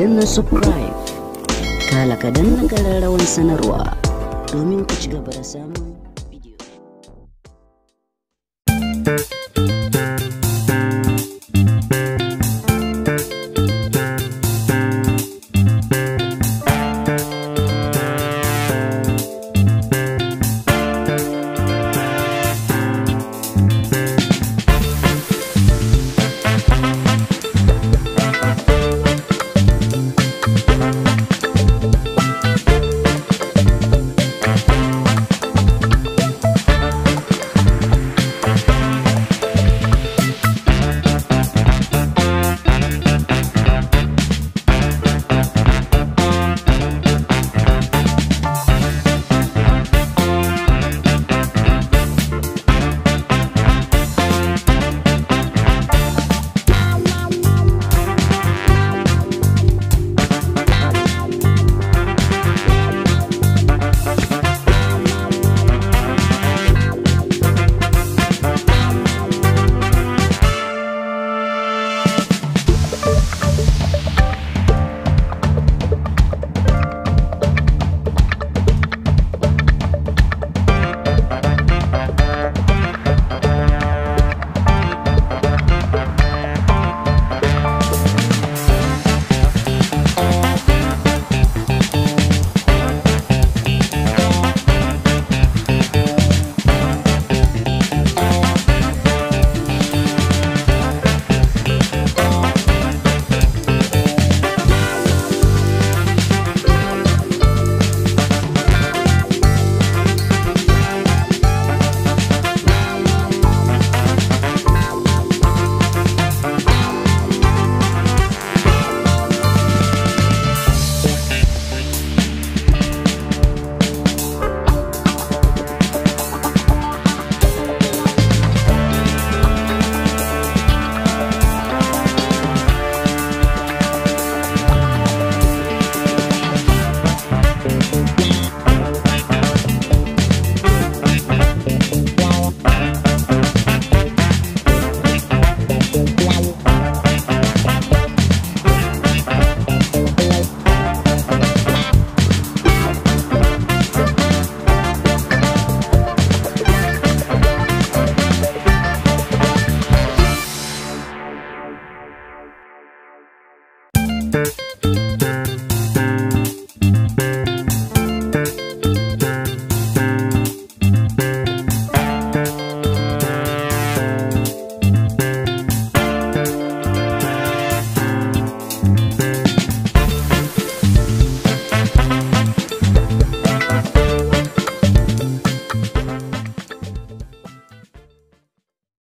danna subscribe kala ka na kararrawan sanarwa domin ku ci gaba da samun bidiyo Thank you.